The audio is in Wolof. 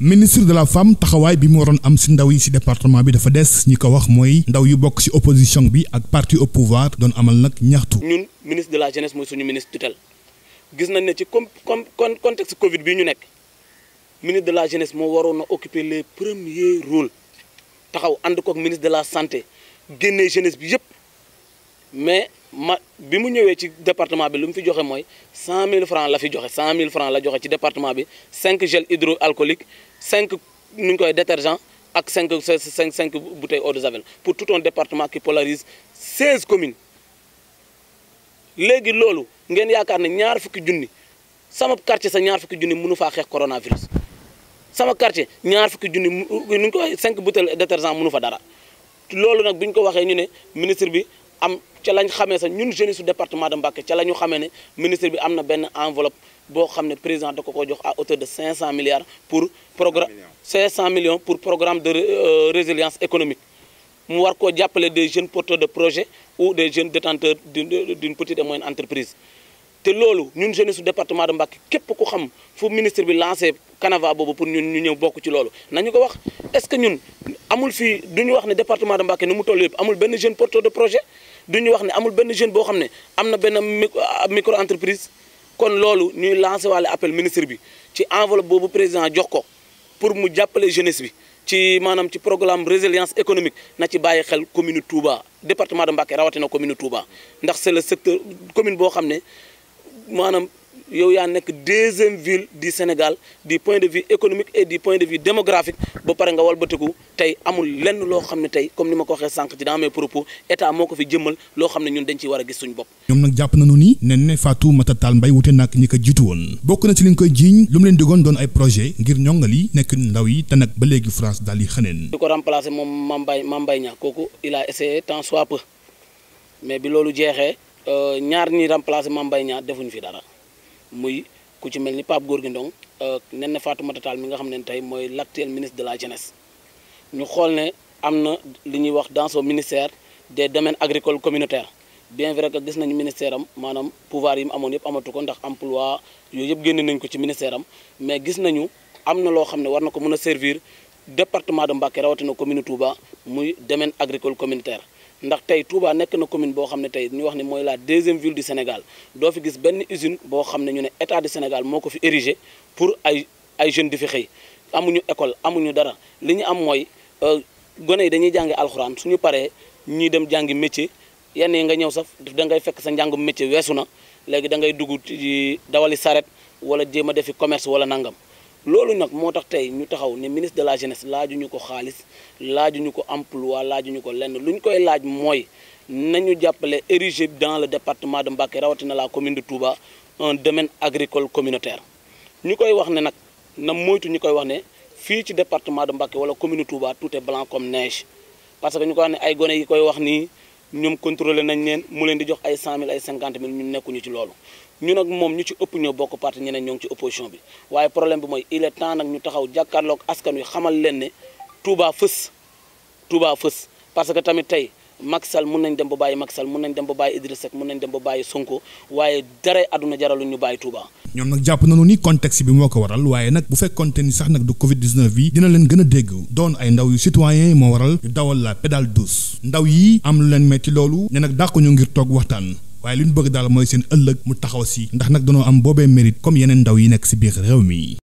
ministre de la femme taxawaay bi mu waroon am si ndaw yi si département bi dafa des ñi ko wax mooy ndaw yu bokk si opposition bi ak parti au pouvoir doon amal nag ñaxtu. ñun ministre de la jeunesse mooy suñu ministre tutelle gis nañ ne ci comme comme contexte Covid bi ñu nekk ministre de la jeunesse moo waroon a occuper les premiers rôles taxaw ànd kook ministre de la santé. génnee jeunesse bi yëpp mais ma bi mu ñëwee ci département bi lu mu fi joxe mooy mille francs la fi joxe mille francs la joxe ci département bi 5 gel hydroalcoolique cinq nu ngi koy détergent ak cinq 5 5 bouteilles eau de javel pour tout un département qui polarise 16 communes léegi loolu ngeen yaakaar ne ñaar fukki junni sama quartier sa ñaar fukki junni mënu faa xeex coronavirus sama quartier ñaar fukki junni nu ñu koy 5 bouteilles détergent mënu fa dara. loolu nag bu ñu ko waxee ñu ne ministre bi am ca lañ xamee sax ñun jeunesse su département de Mbacké ca la ñu xamee ne ministre bi am na benn enveloppe boo xam ne président da ko ko jox à hauteur de 500 milliards pour programme 500 millions pour programme de euh, résilience économique mu war koo jàppale des jeunes porteurs de projet ou des jeunes détenteurs euh, d'une petite et moyenne entreprise te loolu ñun jeunesse su département de Mbacké képp ku xam fu ministre bi lancé canevas boobu pour ñun ñu ñëw bokk ci loolu nañu ko wax est-ce que ñun amul fi du ñu wax ne département de Mbacké ni mu toll yëpp amul benn jeune porteur de projet du ñu wax ne amul benn jeune boo xam ne am na benn euh, micro entreprise kon loolu ñuy lancé waale appel ministre bi ci enveloppe boobu président jox ko pour mu jàppale jeunesse bi ci maanaam ci programme résilience économique na ci bàyyi xel commune Touba département de Mbacké rawatina commune Touba ndax c'est le secteur commune boo xam ne maanaam yow yaa nekk deuxième ville du Sénégal du point de vue économique et du point de vue démographique ba pare nga walbatiku tey amul lenn loo xam ne tey comme ni ma ko waxee sànq ci dans mes propos état moo ko fi jëmmal loo xam ne ñun dañ ciy war a gis suñu bopp. ñoom nag jàpp nañu ni Néné Fatoumata Tall Mbaye wute nag ñi jiitu woon bokk na ci li koy jiiñ lu mu leen digoon doon ay projet ngir ñongali nekk ndaw yi te nag ba léegi France daal di moom Mame Mbaye Mame Mbaye Niang kooku il a mais bi loolu jeexee euh, ñaar ñi remplacer Mame Mbaye Niang defuñu fi dara muy ku ci mel ni Pape Gorgui Ndong euh, nen na Fatoumata Tall mi nga xam ne tey mooy l'actuel ministre de la jeunesse ñu xool ne am na li ñuy wax dans ministère des domaines agricole communautaire bien vrai que gis nañu ministère am maanaam pouvoir yi mu amoon yëpp amatu ko ndax am emploi yooyu yëpp génne nañ ko ci ministère am mais gis nañu am na loo xam ne war na ko mën a servir département de Mbacké rawatina commune Touba muy domaine agricole communautaire ndax tey Touba nekk na commune boo xam ne tey ñu wax ni mooy la deuxième ville du Sénégal doo fi gis benn usine boo xam ne ñu ne état du Sénégal moo ko fi érigé pour ay ay jeunes di fi xëy amuñu école amuñu dara li ñu am mooy euh, gone yi dañuy jàngi alxuraan suñu paree ñuy dem jàngi métier yenn yi nga ñëw sax da ngay fekk sa njàngum métier weesu na léegi da ngay dugg ci dawali saret wala jéem a defi commerce wala nangam loolu nag moo tax tey ñu taxaw ni ministre de la jeunesse laajuñu ko xaalis laajuñu ko emploi laajuñu ko lenn lu ñu koy laaj mooy nañu jàppale ériger dans le département de Mbacké rawatina la commune de Touba un domaine agricole communautaire ñu koy wax ne nag na moytu ñu koy wax ne fii ci département de Mbacké wala commune de Touba tout est blanc comme neige parce que ñu koy wax ne ay gone yi koy wax nii ñoom contrôlé nañ leen mu leen di jox ay 100000 ay 50000 ñun nekkuñu ci loolu ñu nag moom ñu ci ëpp ñoo bokk parti ñeneen ñoo ngi ci opposition bi waaye problème bi mooy il est temps nag ñu taxaw jàkkaarloog askan wi xamal leen ne Touba fës Touba fës parce que tamit tey Macky Sall mun nañ dem ba bàyyi Macky Sall mun nañ dem ba bàyyi Idriss Seck mun nañ dem ba bàyyi Sonko waaye dara àdduna jaralu ñu bàyyi Touba. ñoom nag jàpp nañu ni contexte bi moo ko waral waaye nag bu fekkoonte ni sax nag du Covid 19 bi dina leen gën a dégg doon ay ndaw yu citoyen moo waral ñu dawal la pédale douce ndaw yi am lu leen metti nag dàqu ngir toog waxtaan. waaye li ñu bëgg daal mooy seen ëllëg mu taxaw si ndax nag danoo am boobee mérite comme yeneen ndaw yi nekk si biir réew mi